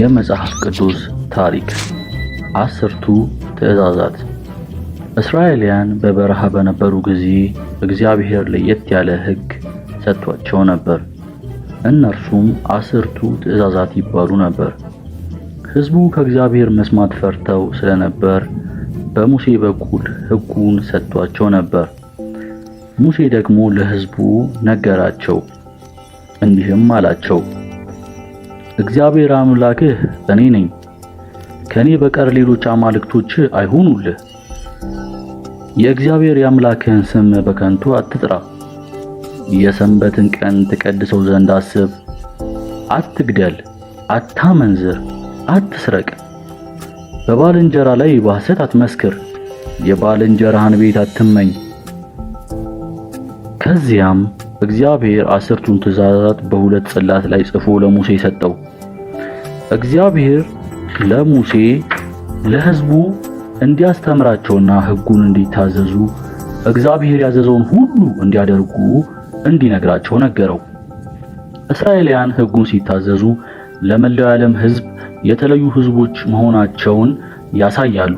የመጽሐፍ ቅዱስ ታሪክ አስርቱ ትእዛዛት እስራኤልያን በበረሃ በነበሩ ጊዜ እግዚአብሔር ለየት ያለ ሕግ ሰጥቷቸው ነበር። እነርሱም አስርቱ ትእዛዛት ይባሉ ነበር። ሕዝቡ ከእግዚአብሔር መስማት ፈርተው ስለነበር በሙሴ በኩል ሕጉን ሰጥቷቸው ነበር። ሙሴ ደግሞ ለሕዝቡ ነገራቸው፣ እንዲህም አላቸው እግዚአብሔር አምላክህ እኔ ነኝ። ከኔ በቀር ሌሎች አማልክቶች አይሁኑልህ። የእግዚአብሔር የአምላክህን ስም በከንቱ አትጥራ። የሰንበትን ቀን ትቀድሰው ዘንድ አስብ። አትግደል፣ አታመንዝር፣ አትስረቅ፣ በባልንጀራ ላይ በሐሰት አትመስክር፣ የባልንጀራህን ቤት አትመኝ። ከዚያም እግዚአብሔር አስርቱን ትእዛዛት በሁለት ጽላት ላይ ጽፎ ለሙሴ ሰጠው። እግዚአብሔር ለሙሴ ለሕዝቡ እንዲያስተምራቸውና ሕጉን እንዲታዘዙ እግዚአብሔር ያዘዘውን ሁሉ እንዲያደርጉ እንዲነግራቸው ነገረው። እስራኤላውያን ሕጉን ሲታዘዙ ለመላው ዓለም ሕዝብ የተለዩ ሕዝቦች መሆናቸውን ያሳያሉ።